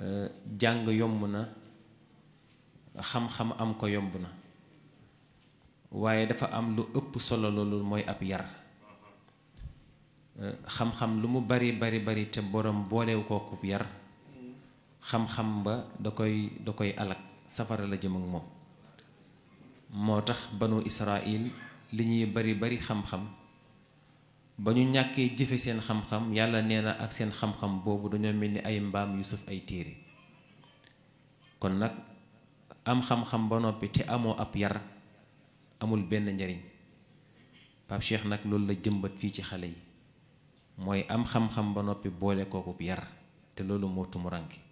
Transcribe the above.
Euh, jàng yomb na xam-xam am ko yomb na waaye dafa am lu ëpp solo loolu mooy ab yar euh, xam-xam lu mu bari bari bari te borom boolewu kookub yar xam-xam ba da koy da koy alak safara la jëm ak moom moo tax banu Israil li ñuy bari bari xam-xam ba ñu ñàkkee jëfe seen xam-xam yàlla nee na ak seen xam-xam boobu dañoo mel ni ay mbaam yu sëf ay téere kon nag am xam-xam ba noppi te amoo ab yar amul benn njariñ Pape nag loolu la jëmbat fii ci xale yi mooy am xam-xam ba noppi boole kookub yar te loolu moo tumuranke